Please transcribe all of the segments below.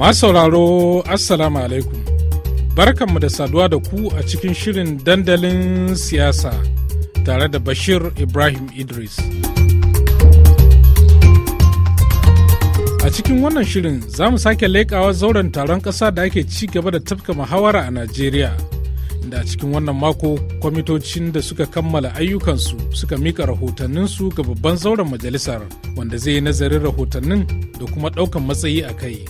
Masu sauraro Assalamu alaikum. Barkanmu da saduwa da ku a cikin shirin dandalin siyasa tare da Bashir Ibrahim Idris. A cikin wannan shirin za mu sake laikawa zauren taron ƙasa da ake ci gaba da tafka muhawara a Najeriya. da a cikin wannan mako kwamitocin da suka kammala ayyukansu suka mika rahotanninsu ga babban zauren majalisar wanda zai yi nazarin rahotannin da kuma ɗaukan matsayi a kai.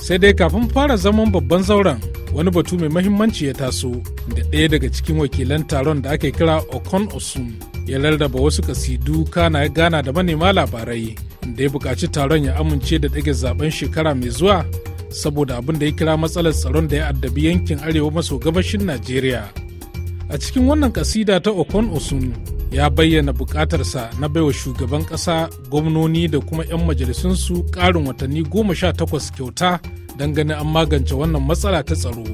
sai dai kafin fara zaman babban zauren wani batu mai mahimmanci ya taso da ɗaya daga cikin wakilan taron da ake kira okon osun ya lardaba wasu kasidu kana ya gana da manema labarai da ya buƙaci taron ya amince da ɗage zaben shekara mai zuwa saboda abin da ya kira matsalar tsaron da ya addabi yankin arewa maso gabashin najeriya a cikin wannan kasida ta okon osun ya bayyana bukatarsa na baiwa shugaban ƙasa gwamnoni da kuma 'yan majalisunsu karin watanni goma sha takwas kyauta don ganin an magance wannan matsala ta tsaro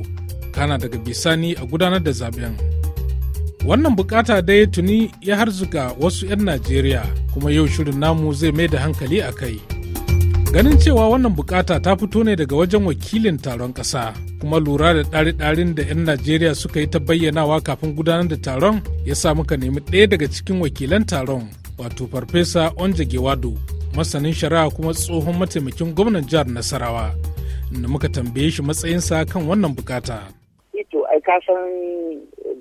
kana daga bisani a gudanar da zaben wannan bukata dai tuni ya harzuka wasu 'yan najeriya kuma yau shirin namu zai mai da hankali a kai ganin cewa wannan bukata ta fito ne daga wajen wakilin taron kasa kuma lura da ɗari-ɗarin da 'yan najeriya suka yi ta bayyanawa kafin gudanar da taron ya sa muka nemi ɗaya daga cikin wakilan taron wato farfesa onje gewado masanin shari'a kuma tsohon mataimakin gwamnan jihar nasarawa da muka tambaye shi matsayinsa kan wannan bukata. ito eh ai san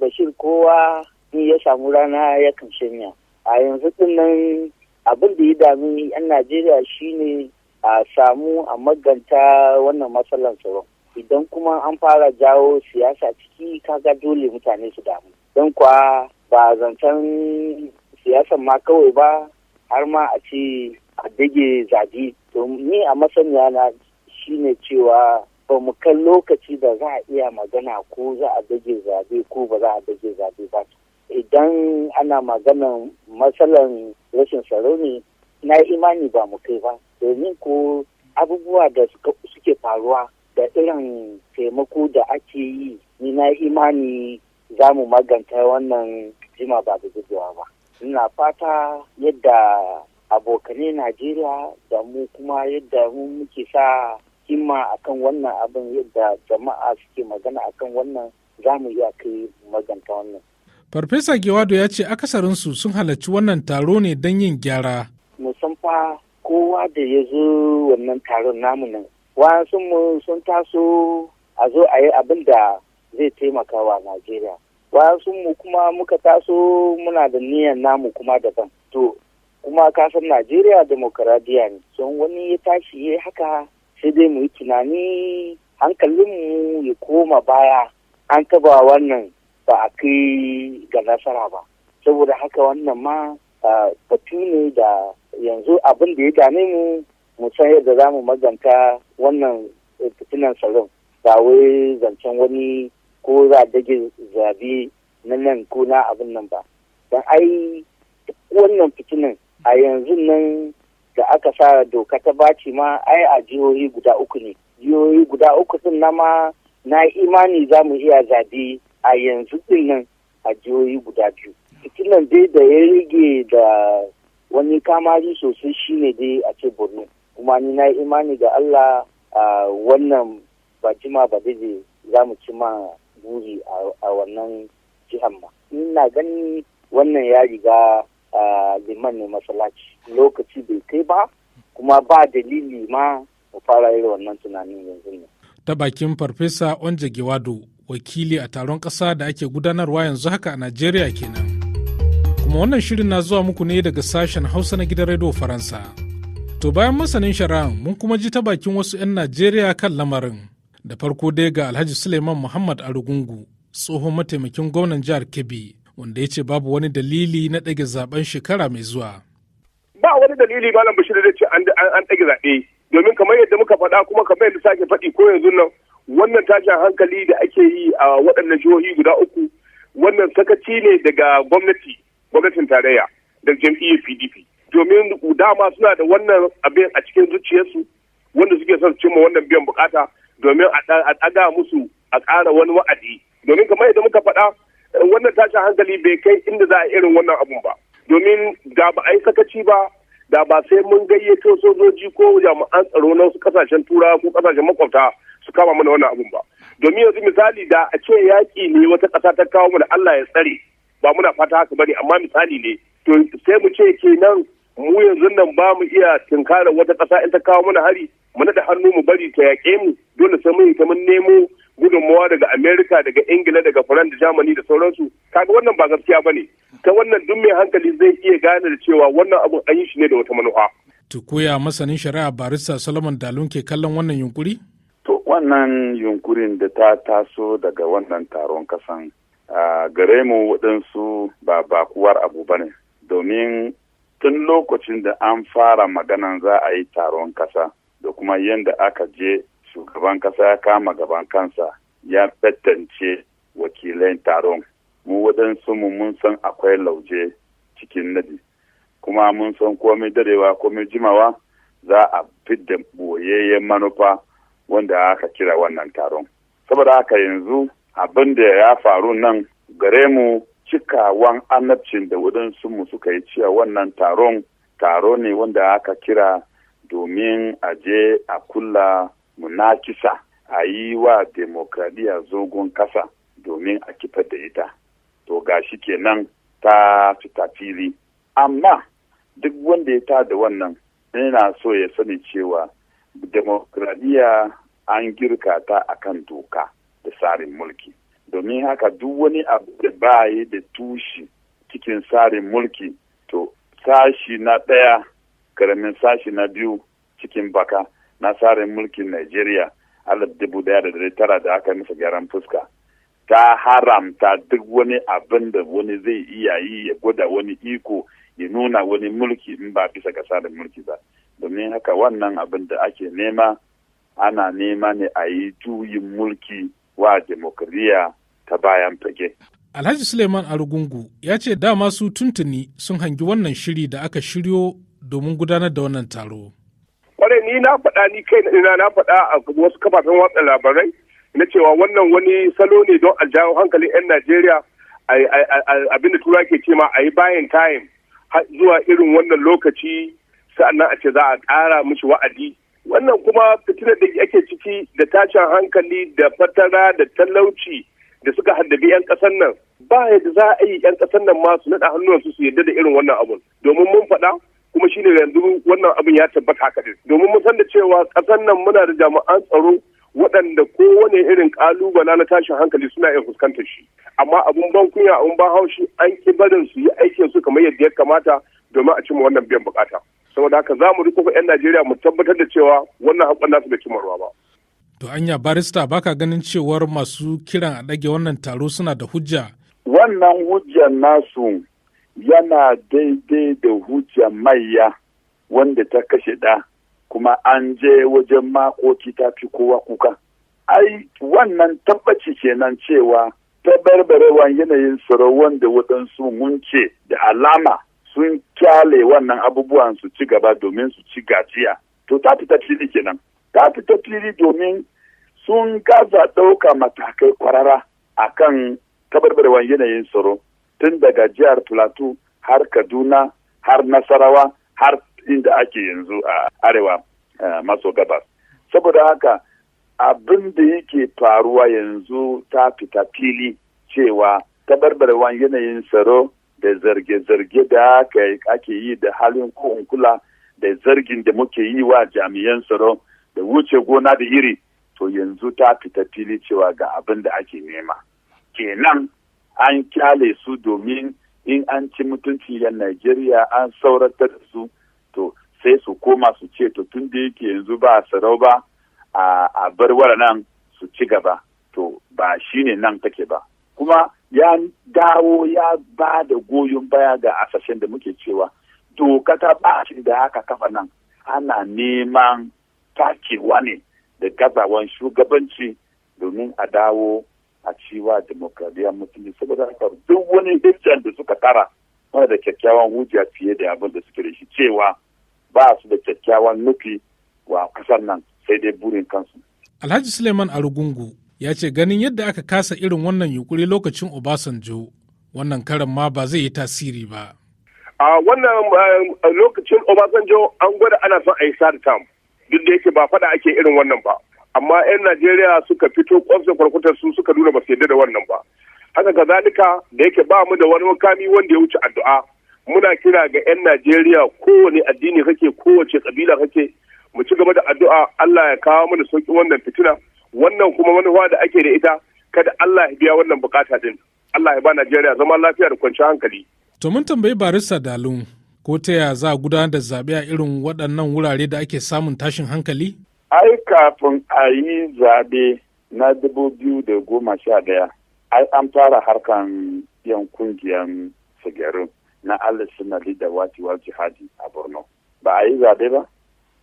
bashir kowa ya samu rana ya kan shanya a yanzu nan abin da ya dami 'yan najeriya shine a samu a maganta wannan matsalan tsaro idan kuma an fara jawo siyasa ciki kaga dole mutane su damu don kuwa ba zancen siyasa ma kawai ba har ma a ce a dage zabi to ni a masaniya na shine cewa ba mu kan lokaci da za a iya magana ko za a dage zabe ko ba za a dage zabe ba idan ana maganan matsalan rashin tsaro ne na imani ba mu kai ba domin ko abubuwa da suke faruwa da irin taimako da ake yi ni na imani za mu maganta wannan jima ba da gujewa ba ina fata yadda abokanai najeriya da mu kuma yadda mu muke sa himma akan wannan abin yadda jama'a suke magana akan wannan za mu iya kai maganta wannan farfesa gewado ya ce akasarinsu sun halarci wannan taro ne don yin gyara musamman kowa da ya zo wannan taron namu nan wasu mu sun taso a zo a yi abin da zai taimaka wa najeriya wasu mu kuma muka taso muna da niyan namu kuma daban to kuma kasan najeriya dimokradiyya ne Don wani ya tashi ya haka sai dai mu yi tunani hankalinmu ya koma baya an taba wannan ba a kai ga nasara ba saboda haka wannan ma ah, batu ne da yanzu abin da ya dame mu mu san yadda za mu maganta wannan fitinan salon ba wai zancen wani ko za a dage zabi na nan ko na abin nan ba don ai wannan fitinan a yanzu nan da aka sa doka ta baci ma ai a jihohi guda uku ne jihohi guda uku sun na ma na imani za mu iya zabi a yanzu din nan a jihohi guda biyu fitinan dai da ya rage da wani kamari sosai shine dai a ce borno kuma ni na yi imani ga allah a wannan ba jima ba daidai za mu ci ma buri a wannan jihar ma ina gani wannan ya riga liman ne masallaci lokaci bai kai ba kuma ba dalili ma mu fara yin wannan tunanin yanzu ne ta bakin farfesa onje wakili a taron ƙasa da ake gudanarwa yanzu haka a najeriya kenan kuma wannan shirin na zuwa muku ne daga sashen hausa na gidan radio faransa to bayan masanin shari'a mun kuma ji ta bakin wasu 'yan najeriya kan lamarin da farko dai ga alhaji suleiman muhammad arugungu tsohon mataimakin gwamnan jihar kebbi wanda ya ce babu wani dalili na ɗage zaben shekara mai zuwa ba wani dalili malam bashir da ce an ɗage zaɓe domin kamar yadda muka faɗa kuma kamar yadda sake faɗi ko yanzu nan wannan tashin hankali da ake yi a waɗannan jihohi guda uku wannan sakaci ne daga gwamnati gwamnatin tarayya da jam'iyyar pdp domin dama suna da wannan abin a cikin zuciyarsu wanda suke son cimma wannan biyan bukata domin a ɗaga musu a ƙara wani wa'adi domin kamar idan muka faɗa wannan tashin hankali bai kai inda za a irin wannan abun ba domin da ba a yi sakaci ba da ba sai mun gayyato sojoji ko jami'an tsaro na wasu kasashen tura ko kasashen makwabta su kama mana wannan abun ba domin yanzu misali da a ce yaƙi ne wata ƙasa ta kawo mana Allah ya tsare ba muna fata haka bane amma misali ne to sai mu ce kenan mu yanzu nan ba mu iya tinkara wata ƙasa in ta kawo mana hari mu da hannu mu bari ta yaƙe mu dole sai mun yi ta mun nemo gudunmawa daga amerika daga ingila daga faran da jamani da sauransu kaga wannan ba gaskiya bane ta wannan duk mai hankali zai iya gane da cewa wannan abun an yi shi ne da wata manufa tukuya masanin shari'a barista solomon dalun ke kallon wannan yunkuri to wannan yunkurin da ta taso daga wannan taron kasan gare mu waɗansu ba bakuwar abu ba ne domin tun lokacin da an fara maganan za a yi taron kasa da kuma yadda aka je shugaban kasa ya kama gaban kansa ya fettance wakilai taron mu waɗansu mu mun san akwai lauje cikin nadi kuma mun san komai darewa komai jimawa za a fidda boyayyen manufa wanda aka kira wannan taron saboda haka yanzu abin da ya faru nan gare mu cikawan annabcin da waɗansu suka yi cewa wannan taron taro ne wanda aka kira domin a je a kulla munakisa a yi wa demokradiyya zogon kasa domin a kifa da ita to gashi kenan ta fita fili amma duk wanda ya ta da wannan yana so ya sani cewa demokradiyya an girka ta akan doka da tsarin mulki domin haka duk wani abu da ba yi da tushi cikin tsarin mulki to sashi na ɗaya karamin sashi na biyu cikin baka na tsarin mulkin Najeriya ala dubu daya da dare tara da aka masa gyaran fuska ta haramta duk wani abin da wani zai iya yi ya gwada wani iko ya nuna wani mulki in ba bisa ga tsarin mulki ba domin haka wannan abin da ake nema ana nema ne a yi juyin mulki wa demokradiyya ta bayan fage. Alhaji Suleiman Arugungu ya ce dama su tuntuni sun hangi wannan shiri da aka shiryo domin gudanar da wannan taro. Kwarai ni na faɗa ni kai na na faɗa a wasu kafafen watsa labarai na cewa wannan wani salo ne don a jawo hankalin 'yan Najeriya abinda tura ke ce ma a yi bayan time zuwa irin wannan lokaci nan a ce za a ƙara mishi wa'adi wannan kuma fitinar da ake ciki da tashin hankali da fatara da talauci da suka haddabi 'yan ƙasan nan ba yadda za a yi 'yan kasan nan ma su naɗa hannunsu su yadda da irin wannan abun domin mun faɗa kuma shine yanzu wannan abun ya tabbata haka din domin mun san da cewa kasan nan muna da jami'an tsaro waɗanda kowane irin ƙalubala na tashin hankali suna iya fuskantar shi amma abun ban kunya abun ban haushi an ki barin su yi aikin su kamar yadda ya kamata domin a cimma wannan biyan bukata. saboda haka za mu riko yan najeriya mu tabbatar da cewa wannan haƙon nasu bai cimma ruwa ba to anya barista baka ganin cewar masu kiran a dage wannan taro suna da hujja wannan hujjar nasu yana daidai da hujjar maiya wanda ta kashe ɗa kuma an je wajen makoki ta fi kowa kuka ai wannan tabbaci kenan cewa ta barbarewa yanayin tsaro wanda waɗansu mun ce da alama sun kyale wannan abubuwan su ci gaba domin su ci gajiya to ta fita fili kenan ta fita fili domin sun gaza ɗauka matakai kwarara a kan tabarbarewar yanayin tsaro tun daga jihar plateau har kaduna har nasarawa har inda ake yanzu a arewa eh, maso gabas saboda haka abin da yake faruwa yanzu ta fita fili cewa tabarbarewar yanayin tsaro da zarge-zarge da ake yi da halin ko kula da zargin da muke yi wa jami'an tsaro da wuce gona da iri to yanzu ta fita fili cewa ga abin da ake nema kenan an kyale su domin in an ci mutunci da Najeriya an sauratar da su to sai su koma su ce to tun da yake yanzu ba sarau ba a bar nan su ci gaba to ba shine nan take ba kuma ya dawo ya ba da goyon baya ga asashen da muke cewa doka ta shi da aka kafa nan ana neman takewa ne da gazawan shugabanci domin a dawo a ciwa demokradiyya musulmi saboda haka duk wani hujjan da suka tara ba da kyakkyawan hujja fiye da abin da suke da shi cewa ba su da kyakkyawan nufi wa kasar nan sai dai burin kansu. Alhaji Suleiman Arugungu ya ce ganin yadda aka kasa irin wannan yunkuri lokacin Obasanjo wannan karan ma ba zai yi tasiri ba. A wannan eh, lokacin Obasanjo an gwada ana son a yi sad tam duk da yake ba fada ake irin wannan ba. Amma 'yan Najeriya suka fito kwamfe kwarkwatar su suka nuna ba su da wannan ba. Haka kazalika da yake ba mu da wani makami wanda ya wuce addu'a. Muna kira ga 'yan Najeriya kowane addini kake kowace kabila kake mu ci gaba da addu'a Allah ya kawo mana sauki wannan fitina. wannan kuma manufa da ake da ita kada Allah ya biya wannan bukata din Allah ya ba Najeriya zaman lafiya da kwanciyar hankali to mun tambayi barista Dalun ko ta ya za a gudanar da zaɓe a irin waɗannan wurare da ake samun tashin hankali ai kafin a yi zaɓe na dubu biyu da goma sha ɗaya ai an fara harkan yan kungiyan sigarin na Allah suna da wati wati hadi a Borno ba a yi zaɓe ba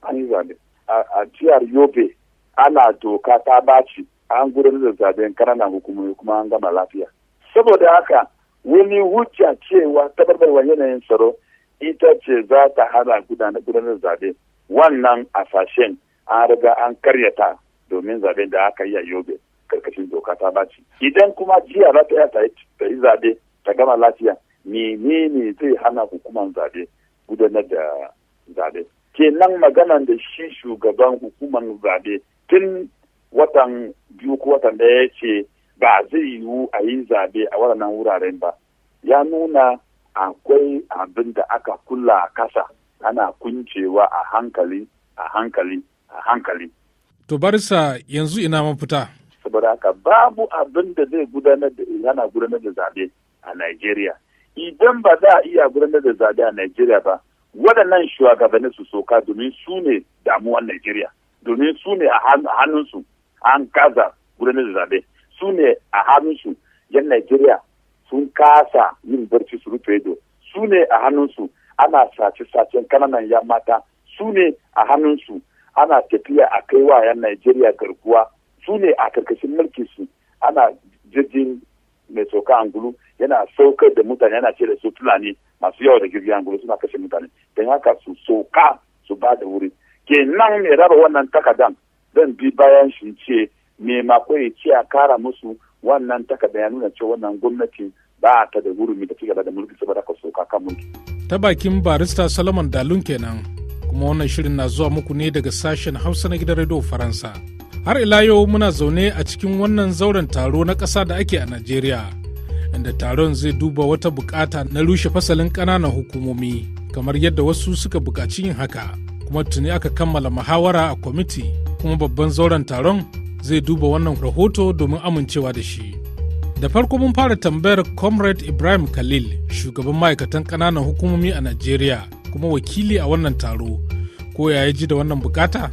an yi zaɓe a jihar Yobe ana doka ta baci an gudanar da zaben kananan hukumomi kuma an gama lafiya saboda haka wani hujja cewa wa yanayin tsaro ita ce za ta hana gudanar zabe wannan asashen an riga an karyata domin zaben da aka yi a yobe karkashin doka ta baci idan kuma jiya za ta ta yi zabe ta gama lafiya menene zai hana hukuman zabe gudanar da zabe kenan maganan da shi shugaban hukumar zabe tun watan biyu ko watan da ya ce ba zai yiwu a yi zabe a waɗannan wuraren ba ya nuna akwai abin da aka kula a kasa ana kuncewa a hankali a hankali a hankali to barisa yanzu ina mafita saboda haka babu abin da zai gudanar da yana gudanar da zabe a Najeriya idan ba za a iya gudanar da zabe a Najeriya ba waɗannan shugabanni su soka domin su ne damuwan Najeriya domin su ne a hannunsu an kaza gudanar da zaɓe su ne a hannunsu yan Najeriya sun kasa yin barci su rufe ido su ne a hannunsu ana sace-sacen kananan yan mata su ne a hannunsu ana tafiya a kai wa yan Najeriya garkuwa su ne a karkashin mulki su ana jirgin mai sauka angulu yana saukar da mutane yana ce da su fulani masu yawa da jirgin angulu suna kashe mutane don haka su sauka su ba da wuri nan mai raba wannan takadan zan bi bayan shi ce me makwai ce a kara musu wannan takarda ya nuna cewa wannan gwamnati ba ta da gurumi da cigaba da mulki saboda ka soka kan mulki. Ta bakin barista Solomon Dalun kenan kuma wannan shirin na zuwa muku ne daga sashen Hausa na gidan Radio Faransa. Har ila yau muna zaune a cikin wannan zauren taro na ƙasa da ake a Najeriya. Inda taron zai duba wata bukata na rushe fasalin ƙananan hukumomi kamar yadda wasu suka bukaci yin haka. kuma tuni aka kammala muhawara a kwamiti kuma babban zauren taron zai duba wannan rahoto domin amincewa da shi da farko mun fara tambayar comrade ibrahim khalil shugaban ma'aikatan ƙananan hukumomi a najeriya kuma wakili a wannan taro ko ya ji da wannan bukata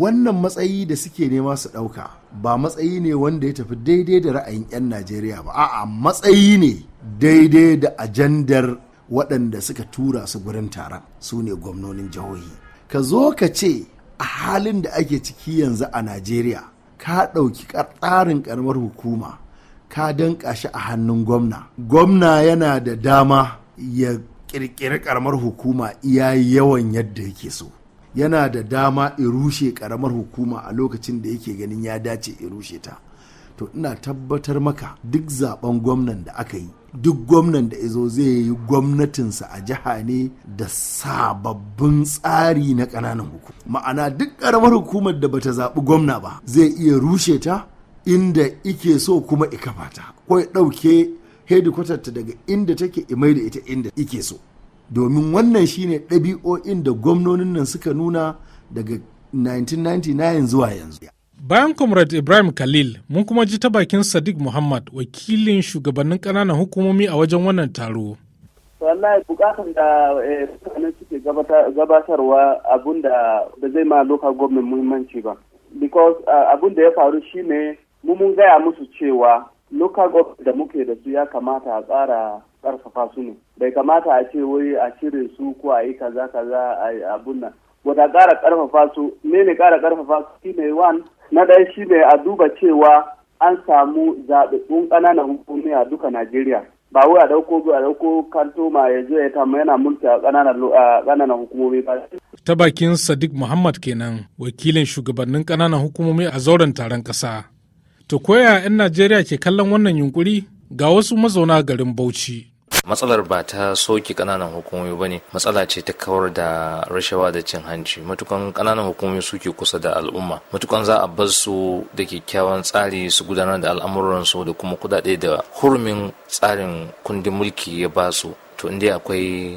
wannan matsayi da suke nema su ɗauka ba matsayi ne wanda ya tafi daidai da ra'ayin 'yan najeriya ba a'a matsayi ne daidai da ajandar waɗanda suka tura su gurin taron su ne gwamnonin jihohi ka zo ka ce a halin da ake ciki yanzu a najeriya ka ɗauki tsarin ƙaramar hukuma ka danƙa shi a hannun gwamna gwamna yana da dama ya ƙirƙiri ƙaramar hukuma iya yawan yadda yake so yana da dama in rushe ƙaramar hukuma a lokacin da yake ganin ya dace in rushe ta to ina tabbatar maka duk zaben gwamnan da aka yi duk gwamnan da izo zai yi gwamnatinsa a jiha ne da sababbin tsari na ƙananan hukuma ma'ana duk ƙaramar hukumar da bata zaɓi gwamna ba zai iya rushe ta inda ike so kuma ika bata. ko ya ɗauke hedikwatar ta daga inda take imai da ita inda ike so domin wannan shine ɗabi'o'in da gwamnonin nan suka nuna daga 1999 zuwa yanzu Bayan Comrade Ibrahim Khalil, mun kuma ji ta bakin Sadiq Muhammad, wakilin shugabannin ƙananan hukumomi a wajen wannan taro. wallahi bukatar da eh, mutanen suke gabatarwa abun da ba zai ma local government muhimmanci ba because abun da ya faru shine ne mun gaya musu cewa local government da muke da su ya kamata a tsara ƙarfafa su ne bai kamata a ce wai a cire su ko a yi kaza kaza a abun nan wata ƙara karfafa su ne ne ƙara ƙarfafa su shine one na ɗaya shi ne a duba cewa an samu zaɓaɓɓun ƙananan hukumomi a duka najeriya ba wai a ɗauko a ɗauko ma ya zo ya tamu yana mulki a ƙananan hukumomi ba ta bakin sadiq muhammad kenan wakilin shugabannin ƙananan hukumomi a zauren taron ƙasa to koya 'yan najeriya ke kallon wannan yunkuri ga wasu mazauna garin bauchi matsalar ba ta soke kananan hukumomi ba ne matsala ce ta kawar da rashawa da cin hanci matukan kananan hukumomi suke kusa da al'umma matukan za a bar su da kyakkyawan tsari su gudanar da al'amuransu da kuma kudade da hurumin tsarin kundin mulki ya ba su to inda akwai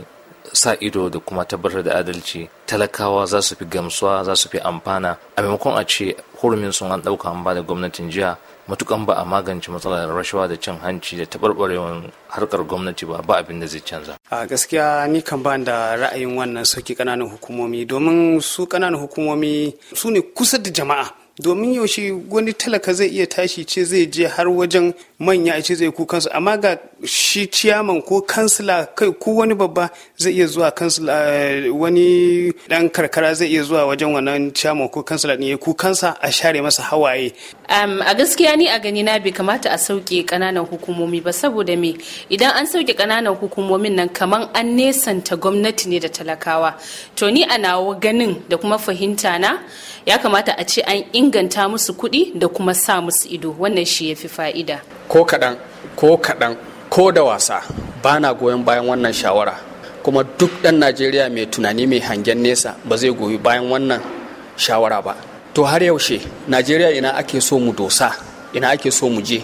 sa ido da kuma tabbatar da adalci talakawa za su fi gamsuwa za su fi amfana a maimakon a ce hurumin sun an ɗauka an ba da gwamnatin jiya matukan ba a magance matsalar rashawa da cin hanci da taɓarɓarewar harkar gwamnati ba ba abin da zai canza. a gaskiya ni kan ban da ra'ayin wannan soke kananan hukumomi domin su ƙananan hukumomi su ne kusa da jama'a domin yaushe wani talaka zai iya tashi ce zai je har wajen manya ce zai kukansu amma ga shi ciyaman ko kansila kai ko wani babba zai iya zuwa kansila eh, wani dan karkara zai iya zuwa wajen wannan ciyaman ko kansila ne ko kansa a share masa hawaye a gaskiya ni a gani na bai kamata a sauke kananan hukumomi ba saboda me idan an sauke kananan hukumomin nan kaman an nesanta gwamnati ne da talakawa to ni a nawa ganin da kuma fahimta na ya kamata a ce an inganta musu kuɗi da kuma sa musu ido wannan shi ya fi fa'ida ko kaɗan ko kaɗan ko da wasa ba na goyon bayan wannan shawara kuma duk ɗan najeriya mai tunani mai hangen nesa ba zai goyi bayan wannan shawara ba to har yaushe najeriya ina ake so mu dosa ina ake so mu je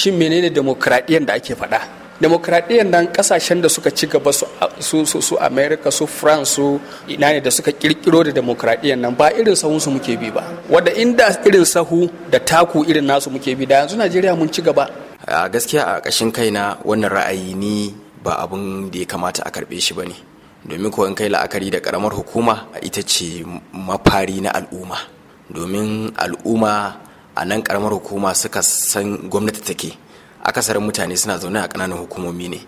shin menene demokradiyyar da ake faɗa demokradiyyar nan kasashen da suka ci gaba su su su america su france su ina ne da suka kirkiro da demokradiyyar nan ba irin sahun su muke bi ba wanda inda irin sahu da taku irin nasu muke bi da yanzu najeriya mun ci gaba a gaskiya a ƙashin kaina wannan ra'ayi ni ba abun da ya kamata a karɓe shi ba ne domin kuwa kai la'akari da ƙaramar hukuma a ita ce mafari na al'umma domin al'umma a nan ƙaramar hukuma suka san gwamnati take akasarin mutane suna zaune a ƙananan hukumomi ne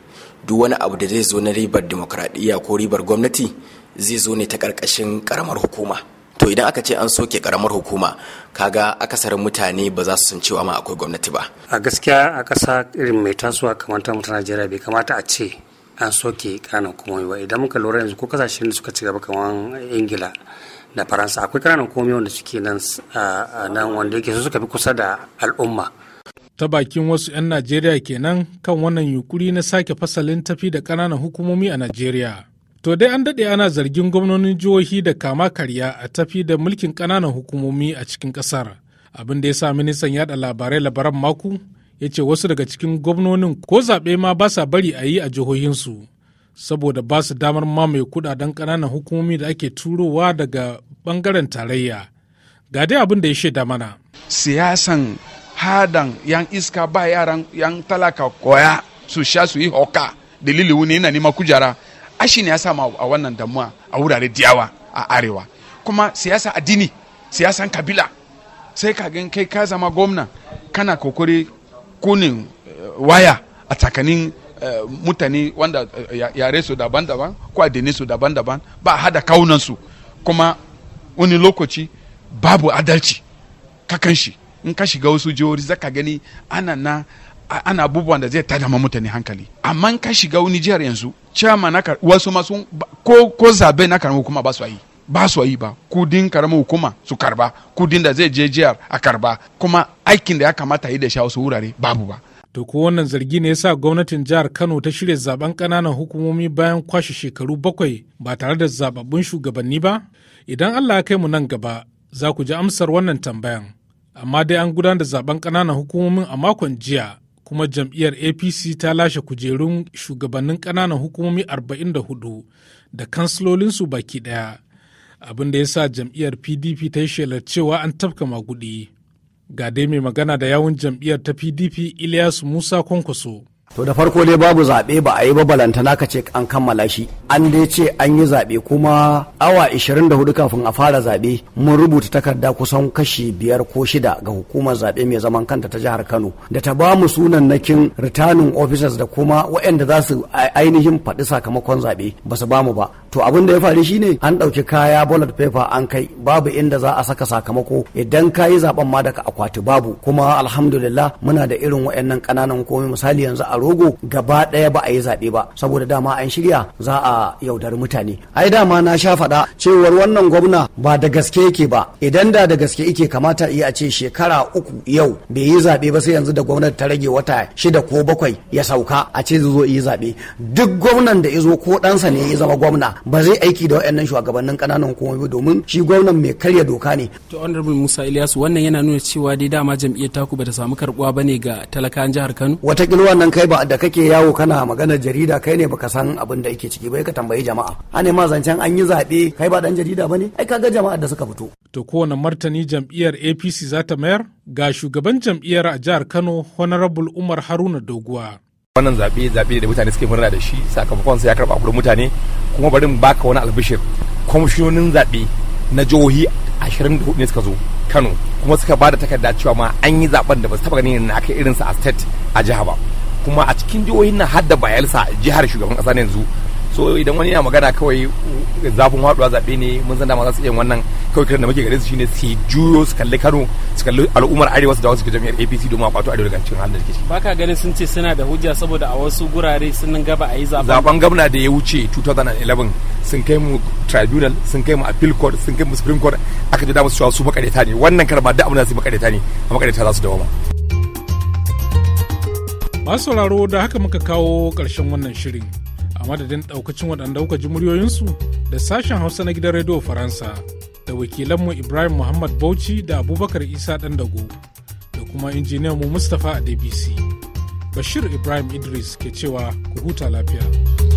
duk wani abu da zai zo na ribar dimokuraɗiyya ko ribar gwamnati zai zo ne ta ƙarƙashin ƙaramar hukuma to idan aka ce an soke karamar hukuma kaga akasarin mutane ba za su san cewa ma akwai gwamnati ba a gaskiya a ƙasa irin mai tasowa kamar ta mutu najeriya bai kamata a ce an soke ƙananan hukumomi ba idan muka lura yanzu ko kasashen da suka ci gaba kamar ingila da faransa akwai ƙananan hukumomi wanda suke nan nan wanda yake su suka fi kusa da al'umma ta bakin wasu 'yan najeriya kenan kan wannan yunkuri na sake fasalin tafi da ƙananan hukumomi a najeriya To dai an daɗe ana zargin gwamnonin jihohi da kama karya a tafi da mulkin ƙananan hukumomi a cikin ƙasar. Abin da ya sa ministan yada labarai labaran maku ya ce wasu daga cikin gwamnonin ko zaɓe ma ba sa bari a yi a jihohinsu saboda ba su damar mamaye kudaden ƙananan hukumomi da ake turowa daga ɓangaren tarayya. Ga dai abin da ya shaida mana. Siyasan hadan yan iska ba yaran yan talaka koya su sha su yi hoka dalili wuni yana nima kujara ashi ne ya sa a wannan damuwa a wurare diyawa a arewa kuma siyasa addini siyasan kabila sai ka gan kai ka zama gwamna kana kokori kunin eh, waya a tsakanin eh, mutane wanda eh, yare su daban-daban ko addini su daban-daban ba a hada kaunansu kuma wani lokaci babu adalci kakan shi in ka shiga wasu jihohi zaka gani ana na ana abubuwan da zai tada ma mutane hankali amma ka shiga wani jihar yanzu ciyama na wasu masu ko, ko zabe na karamar hukuma ba su yi ba su yi ba kudin karamar hukuma su karba kudin da zai je jihar a karba kuma aikin da ya kamata yi da shi a wasu wurare babu ba to ko wannan zargi ne yasa gwamnatin jihar Kano ta shirya zaben kananan hukumomi bayan kwashe shekaru bakwai ba tare da zababbun shugabanni ba idan Allah ya kai mu nan gaba za ku ji amsar wannan tambayan amma dai an gudanar da zaben kananan hukumomin a makon jiya kuma jam'iyyar apc ta lashe kujerun shugabannin ƙananan hukumomi 44 da kansilolinsu baki ɗaya abin da ya sa jam'iyyar pdp ta yi shelar cewa an tafka maguɗi. ga dai mai magana da yawun jam'iyyar ta pdp ilyas musa kwankwaso to da farko dai babu zaɓe ba a yi ba balantana ka ce an kammala shi an dai ce an yi zaɓe kuma awa 24 kafin a fara zaɓe mun rubuta takarda kusan kashi biyar ko shida ga hukumar zaɓe mai zaman kanta ta jihar kano da ta ba mu sunannakin returning officers da kuma waɗanda za su ainihin faɗi sakamakon zaɓe ba su ba mu ba to abin da ya faru shine an ɗauki kaya ballot paper an kai babu inda za a saka sakamako idan ka yi zaben ma daga akwati babu kuma alhamdulillah muna da irin waɗannan ƙananan komai misali yanzu a rogo gaba ɗaya ba a yi zaɓe ba saboda dama an shirya za a yaudari mutane ai dama na sha faɗa cewar wannan gwamna ba da gaske yake ba idan da da gaske yake kamata iya ce shekara uku yau bai yi zaɓe ba sai yanzu da gwamnati ta rage wata shida ko bakwai ya sauka a ce zo yi zaɓe duk gwamnan da izo ko ɗansa ne ya zama gwamna ba zai aiki da wayannan shugabannin ƙananan hukumomi domin shi gwamnan mai karya doka ne. To Honorable Musa Ilyasu wannan yana nuna cewa dai dama jam'iyyar taku bata samu karbuwa bane ga talakan jihar Kano. Wataƙila wannan kai ba da kake yawo kana maganar jarida kai ne baka san abin da yake ciki ba ka tambayi jama'a. A ne ma zancen an yi zaɓe kai ba dan jarida ba ne ai kaga jama'ar da suka fito. To kowane martani jam'iyyar APC za ta mayar ga shugaban jam'iyyar a jihar Kano Honorable Umar Haruna Doguwa. wannan zaɓe zaɓe da mutane suke murna da shi sakamakon sa ya karɓa kuɗin mutane kuma barin baka wani albishir kwamishinonin zaɓe na jihohi ashirin da hudu ne suka zo Kano kuma suka ba da takarda cewa ma an yi zaɓen da ba su taɓa ganin na aka irinsa a state a jiha ba kuma a cikin jihohin na har da bayelsa jihar shugaban ƙasa na yanzu so idan wani yana magana kawai uh, zafin haɗuwa zaɓe ne mun san dama za su iya wannan kawai kiran da muke gare su shine su juyo su kalli Kano su kalli al'ummar Arewa su dawo su jami'ar APC domin a kwato Arewa daga cikin halin da take baka ganin sun ce suna da hujja saboda a wasu gurare sun gaba a yi zaɓen zaɓen gwamna da ya wuce 2011 sun kai mu tribunal sun kai mu appeal court sun kai mu supreme court aka ji damar cewa su makareta ne wannan karma da abin da su makareta ne a makareta za su ma. masu sauraro da haka muka kawo ƙarshen wannan shirin madadin daukacin waɗanda kuka ji muryoyinsu da sashen hausa na gidan rediyo faransa da wakilanmu ibrahim muhammad bauchi da abubakar isa dandago da kuma injiniyanmu mustapha adebisi bashir ibrahim idris ke cewa ku huta lafiya.